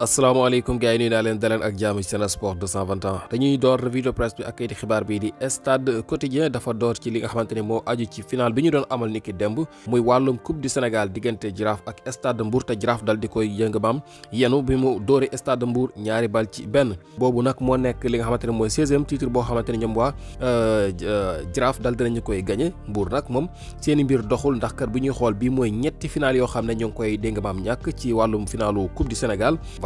asalaamaaleykum gars yi nuyu naa leen daleen ak jaamu ci Sen Sport 221 dañuy door revue de presse bi ak kayiti xibaar bii di stade quotidien dafa door ci li nga xamante ne moo aju ci final bi ñu doon amal niki démb muy wàllum coupe du Sénégal diggante Jaraaf ak stade Mbour te Jaraaf dal di koy yëng maam yenu bi mu dóori stade Mbour ñaari bal ci benn boobu nag moo nekk li nga xamante ne mooy seizième titre boo xamante ne ñoom waa euh, Jaraaf dal dinañu koy gagné Mbour nag moom seeni mbir doxul ndax kat bu ñuy xool bi mooy ñetti final yoo xam ne ñoo ngi koy déng maam ñàkk ci wàllum finalu coupe du Sénégal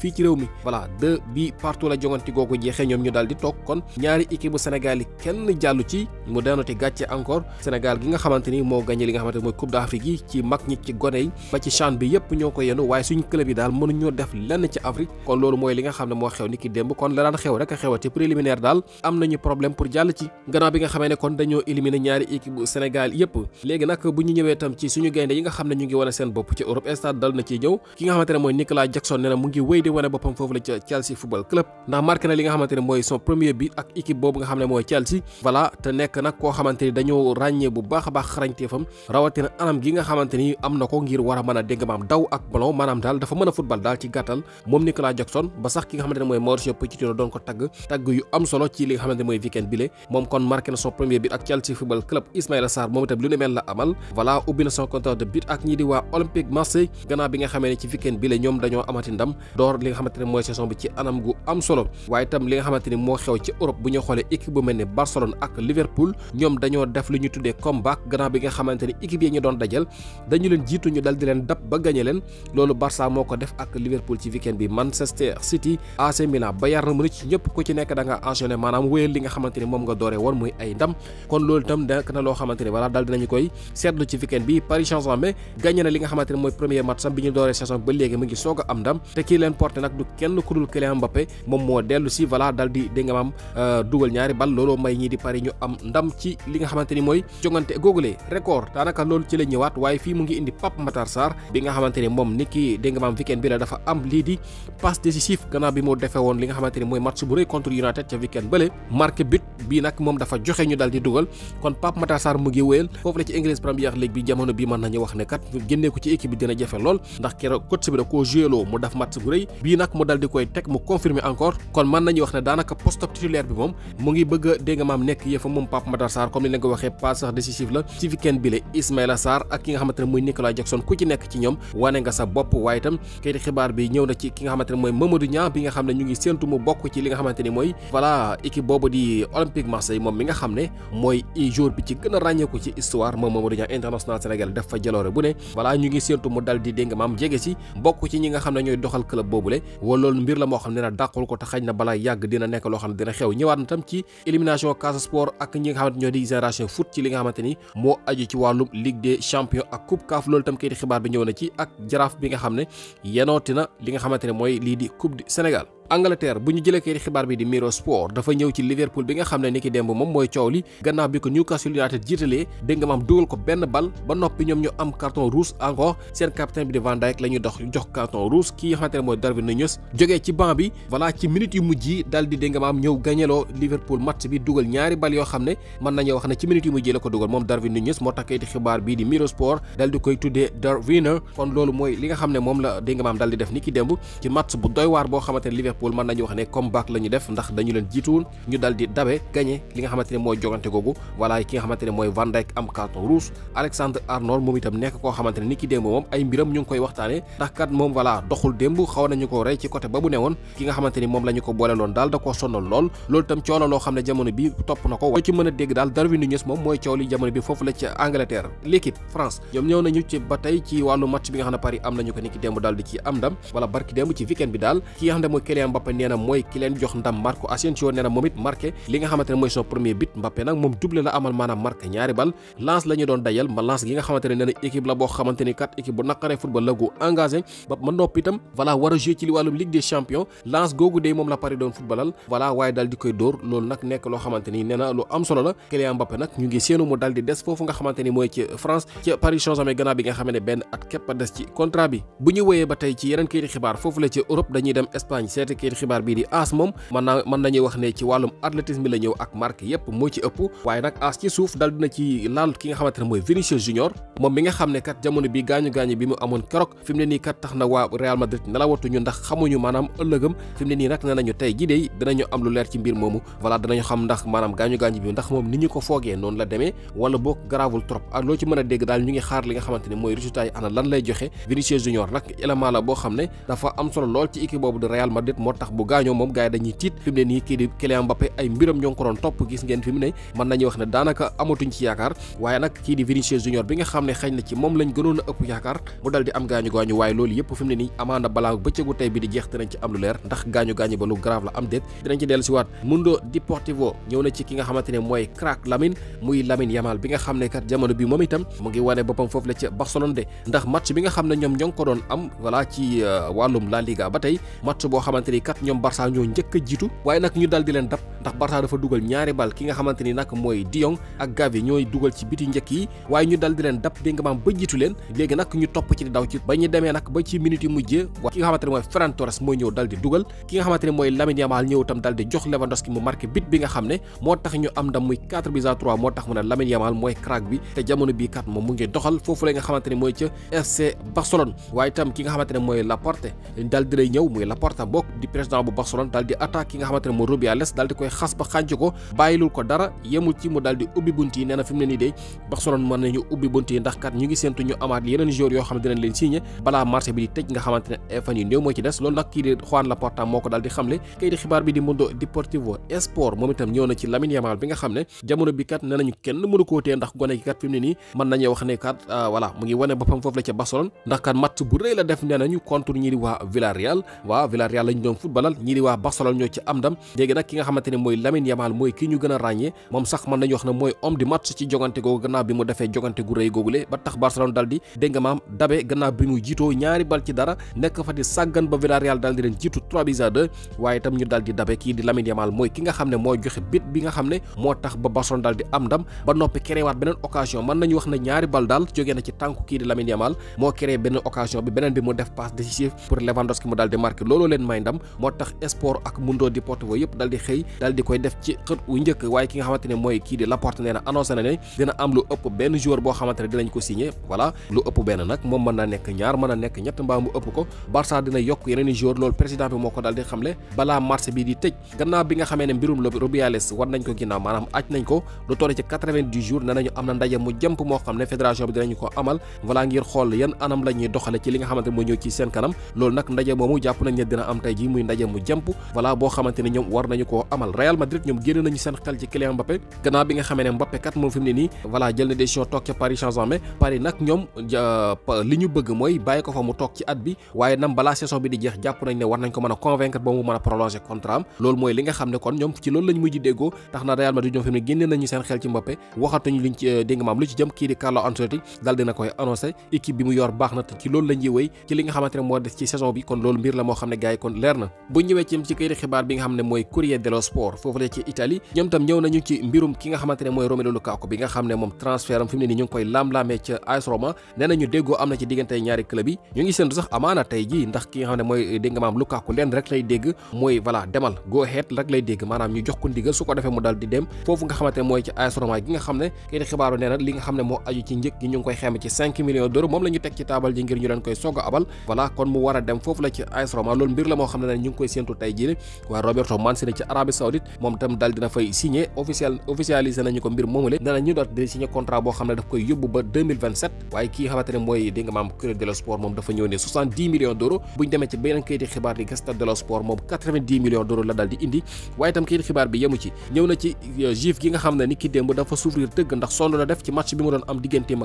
fii ci réew mi voilà de bi partout la jongante googu jeexee ñoom ñu daal di toog kon ñaari équipe bu Sénégal yi kenn jàll ci mu daanati gàcce encore Sénégal gi nga xamante ni moo gagné li nga xamante mooy Coupe d'Afrique yi ci mag ñi ci gone yi suñu club yi daal mënuñoo def loolu mooy li nga xam ne moo xew ni ki démb kon la daan a xewati préliminaire daal am nañu problème pour kon dañoo éliminer ñaari équipe bu Sénégal yëpp léegi ñu ñëwee tam ñu ngi wane seen bopp ci Europe stade dal na Jackson ne na mu ngi wéy di wone boppam fofu la Chelsea football club ndax marqué na li nga xamanteni moy son premier but ak équipe bobu nga xam moy Chelsea voilà te nek nak ko xamanteni dañu ragné bu bu baax a anam gi nga xamanteni kongir am na ko ngir wara mëna dégg maam daw ak ballon manam dal dafa mëna football dal ci gàttal mom Nicolas Jackson ba sax ki nga xamanteni moy Mauricio Pochettino don ko tag tag yu am solo ci li nga xamanteni moy weekend weekend bile mom kon marqué na son premier but ak Chelsea football club Ismaïla Sarr mom tam lu ne mel la amal voilà ubbi na son compteur de but ak ñi di wa Olympique Marseille gannaaw bi nga xamee ci weekend bile ñom dañoo amati ndam door door li nga xamante ne mooy saison bi ci anam gu am solo waaye itam li nga xamante moo xew ci Europe bu ñu xoolee équipe bu mel ni Barcelone ak Liverpool ñoom dañoo def lu ñu tuddee comeback gannaaw bi nga xamante ni équipe ñu doon dajal dañu leen jiitu ñu dal leen dab ba gañe leen loolu Barça moo ko def ak Liverpool ci weekend bi Manchester City AC Milan Bayern Munich ñëpp ku ci nekk da nga maanaam wéyal li nga xamante moom nga dooree woon a porté nak du kenn ku dul Kylian Mbappé mom mo delu si voilà dal di de nga mam euh, dougal ñaari bal lolo may ñi di Paris ñu am ndam ci li nga xamanteni moy jongante gogulé record danaka lolu ci la ñëwaat waye fi mu ngi indi Pape Matar Sar bi nga xamanteni mom niki de nga mam weekend bi la dafa am li di passe décisif gëna bi mo défé won li nga xamanteni moy match bu reuy contre United ci weekend bëlé marqué but bi nak mom dafa joxé ñu dal di dougal kon Pape Matar Sar mu ngi wëyel fofu la ci English Premier League bi jamono bi man nañu wax ne kat génné ko ci équipe bi dina jafé lool ndax kéro coach bi da ko jouer lo mu daf match bu reuy bi nak nag mu dal di koy tek mu confirmer encore kon man nañu wax ne post op titulaire bi mom mu ngi bëgg a nga maam nek yëfa mom pap madar sar comme ni nga waxé waxee sax décisif la ci weekend bile Ismaïla sar ak ki nga xamante moy Nicolas Jackson ku ci nek ci ñom wané nga sa bopp waaye itam kayiti xibar bi ñëw na ci ki nga xamante moy Mamadou Niang bi nga xamné ñu ngi sentu mu bok ci li nga ni voilà équipe bobu di Olympique Marseille mom mi nga xamné ne i jour bi ci gëna rañé ko ci histoire mom Mamadou Niang international Sénégal def fa jaloore bu né voilà ñu ngi sentu mu dal di denga mam jege si bok ci ñi nga xamné ñoy doxal club boobule wala loolu mbir la moo xam ne na dàqul ko te xañ na balaa yàgg dina nekk loo xam ne dina xew ñëwaat na tam ci élimination Casa Sport ak ñi nga xamante ñoo di génération foot ci li nga xamante ni moo aju ci wàllum Ligue des champions ak coupe CAF loolu tam kayit xibaar bi ñëw na ci ak jaraaf bi nga xam ne yenooti na li nga xamante ne mooy lii di coupe du Sénégal Angleterre bu ñu jëlee kayit xibaar bi di Mirosport dafa ñëw ci Liverpool bi nga xam ne ni ki démb moom mooy coow li gannaaw bi ko Newcastle United jiitalee dégg nga maam dugal ko benn bal ba noppi ñoom ñu am carton rouge encore seen capitaine bi di Van Dijk la jox carton rouge kii nga xamante mooy Darwin Nunez jógee ci banc bi ci minutes yu mujj yi daal di ñëw gañeloo Liverpool match bi dugal ñaari bal yoo xam ne mën nañoo wax ne ci minutes yu mujj yi la ko dugal koy tuddee Darwiner loolu mooy li nga xam ne moom la dégg nga def ni ki démb ci match bu Liverpool mën nañu wax ne comeback la ñu def ndax dañu leen jiituwoon ñu dal dabe gagné li nga xamante ne mooy jogante googu voilà ki nga xamante ne mooy Van Dijk am carton rouge Alexandre Arnold moom itam nekk koo xamante ni ki démb moom ay mbiram ñu ngi koy waxtaane ndax kat moom voilà doxul démb xaw nañu ko rey ci côté ba bu newoon ki nga xamante ni moom la ko booleloon daal da koo sonal lool loolu itam coono xam ne jamono bi topp na ko ci Kylian Mbappé mooy ki jox ndam Marco Asensio nee na moom it marqué li nga xamante mooy son premier but Mbappé nag moom doublé la amal maanaam marqué ñaari bal lance la doon dajal ma lance gi nga xamante ne nee la boo xamante kat équipe bu naqaree football la gu engagé ba ma noppi itam voilà war ci li wàllum Ligue des champions lance googu day moom la Paris doon footballal voilà waaye daal di koy dóor loolu nag nekk loo xamante kayit xibaar bii di aas moom mën naa mën nañuy wax ne ci wàllum athlétisme bi la ñëw ak marque yépp moo ci ëpp waaye nag aas ci suuf dal dina ci laal ki nga xamante mooy Vinicius Junior moom mi nga xam ne kat jamono bi gaañu-gaañu bi mu amoon keroog fi ne nii kat tax na waa Real Madrid nelawatuñu ndax xamuñu maanaam ëllëgam fi ne nii nag ne nañu tey ji dey dinañu am lu leer ci mbir moomu voilà dinañu xam ndax maanaam gaañu-gaañu bi ndax moom a motax bu gaño mom gaay dañuy tit fi mu ne nii Kylian Mbappé ay mbiram ñong ko don top gis ngeen fi ne wax ne danaka amatuñ ci yaakar waye nak ki di Vinicius Junior bi nga xamne xagn na ci mom lañ gënon ëpp yaakar mu daldi di am gaño gaañu waaye loolu yëpp fim mu Amanda nii amaana balaa bëccëgu bi di jeex dinañ ci am lu leer ndax gaño gaañu ba lu grave la am déet dinañ ci dellu Mundo Deportivo ñew na ci ki nga xamantene moy crack Lamine muy Lamine Yamal bi nga xamne kat jamono bi mom itam mu ngi wone bopam fofu la ci Barcelone de ndax match bi nga xamne ñom ñong ko don am wala ci euh, walum La Liga batay match bo xamantene yi kat ñoom Barça ñoo njëkk a jiitu waaye nag ñu dal di leen dab ki nga xamante mooy De Jong ba jiitu leen léegi nag ñu topp ci di daw ci ba ñu demee nag ba ci minute yi mujjee mooy ñëw dal dugal ki nga xamante mooy Lamine Yamal ñëw itam dal jox Lewandowski mu marqué bit bi nga xam ne moo tax mu ne Lamine Yamal mooy crack bi te jamono bii kat moom mu ngi doxal foofu la nga xamante mooy ca FC Barcelone waaye itam ki nga xamante mooy Laporte dal di ñëw muy Laporte bokk di président bu Barcelone daal di attaque nga xamantene mo moo Rubi Alès daal di koy xas ba xànc ko ko dara yemu ci mu daal di ubi bunt yi nee fi mu de Barcelone man nañu ubi bunti ndax kat ñu ngi sentu ñu amaat yeneen joueur yo xamne dinañ leen signé bala marché bi di tej nga xamantene ne ay fan yu ci dess lool nak ki di Juan Laporta moko ko di xamle kay di xibar bi di Mundo Deportivo Esport moom itam na ci Lamine Yamal bi nga xamne jamono bi kat nee kenn mënu ko té ndax gone gi kat fi mu man nañu wax ne kat wala ah, mu ngi wane bopam fofu la ci Barcelone ndax kat match bu reey la def nee contre ñi di wa Villarreal wa Villarreal lañ doon doon footballal ñii di waa Barcelone ñoo ci am ndam léegi nag ki nga xamante ne mooy Lamine Yamal mooy kii ñu gën a ràññee moom sax mën nañu wax ne mooy homme du match ci jogante googu gannaaw bi mu defee jogante gu rëy googule ba tax Barcelone dal di dégg dabe gannaaw bi mu jiitoo ñaari bal ci dara nekk fa di sàggan ba Villarreal dal di leen jiitu 3 buts à waaye itam ñu dal di dabe kii di Lamine Yamal mooy ki nga xam ne moo joxe bit bi nga xam ne am ne moo créé beneen occasion bi beneen bi mu def itam moo tax sport ak Mundo Deportivo yëpp dal di xëy dal di koy def ci xët wu njëkk waaye ki nga xamante mooy kii di Laporte nee na na ne dina am lu ëpp benn joueur boo xamante dina yokk ko amal voilà ngir xool yan anam la doxale ci li nga xamante ne ñëw ci seen kanam loolu nag ndaje moomu jàpp nañ dina am tey ji yi muy ndaje mu jàmp voilà boo xamante ne ñoom war nañu koo amal Real Madrid ñoom génn nañu seen xel ci Kylian Mbappé gannaaw bi nga xamee ne Mbappé kat moom fi ne nii voilà jël na décision toog ca Paris saint Paris nag ñoom li ñu bëgg mooy bàyyi ko fa mu toog ci at bi waaye nam balaa saison bi di jeex jàpp nañ ne war nañ ko mën a ba mu mën a prolonger am loolu mooy li nga xam ne kon ñoom ci loolu lañ mujj déggoo tax na leer na bu ñëwee ci ci këyit xibaar bi nga xam ne mooy Corriere dello Sport foofu la ci Italie ñoom tam ñëw nañu ci mbirum ki nga xamante ne mooy Romelu Lukaku Roma ki nga xam ne mooy xibaaru nee li nga xam ne moo aju ci njëg gi ñu ngi koy xeme ci 5 millions d'euros moom la teg ci taabal ji ngir ñu leen koy sogg abal voilà kon mu war a dem foofu la ci AS Roma loolu mbir la moo xam ne ñu ngi koy séentu tey jii waa Roberto Mancini ci Arabie Saoudite moom itam daal dina fay signé officiel officialisé nañu ko mbir moomule nee na ñu doot di signé contrat boo xam ne daf koy yóbbu ba waaye kii xamante mooy di nga maam Corriere Sport moom dafa ñëw ne 70 millions millions d'euros la daal di indi waaye itam kayiti xibaar bi yemu ci ñëw na ci euh, juif gi nga xam ne ni ki démb dafa souffrir dëgg ndax sonn na def ci match bi mu doon am digganteem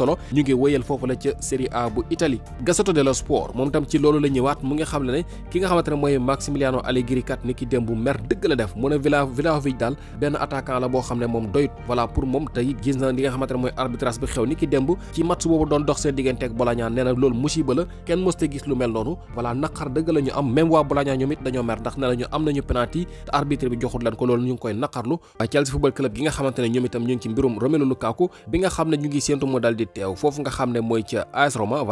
solo ñu ngi wëyel fofu la ci Serie A bu Italie Gazzetta dello Sport mom tam ci loolu la ñëwaat mu ngi xam ne ki nga xamantene moy Maximiliano Allegri kat ni ki dem bu mer deug la def mu ne Villa Vlahovic dal ben attaquant la bo xam mom doyut voilà pour mom tay gis na li nga xamantene moy arbitrage bi xew ni ki demb ci match bobu doon dox seen digënté ak Bologna nee loolu musiba la ken mëste gis lu mel nonu voilà nakar deug la ñu am même wa Bologna ñomit dañu dañoo mer ndax ne nañu am nañu penalty te arbitre bi joxut lan ko loolu ñu ngi koy nakarlu Chelsea football club gi nga xamantene ñomitam ñu ngi ci mbirum Romelu Lukaku bi nga xam ñu ngi sentu mo dal di teew foofu nga xam ne mooy ca AS loolu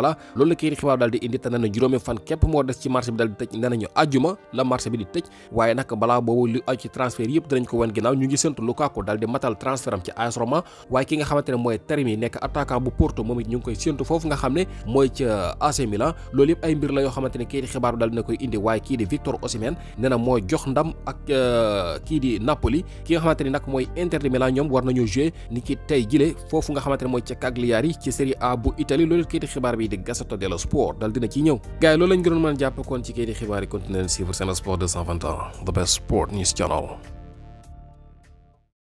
la ay mbir la yoo xamante xibaar bi daal dina koy indi waaye kii di Victor Osimhen nee na jox ndam ak euh, kii di Napoli ki nga xamante mooy ca Cagliari ci Serie A bu Italie loolu kayiti xibaar bi di Gazzetta dello Sport dal dina ci ñëw gars loolu lañ gënoon mën jàpp kon ci kayiti xibaar yi continuer suivre Sen Sport 221 the best sport news channel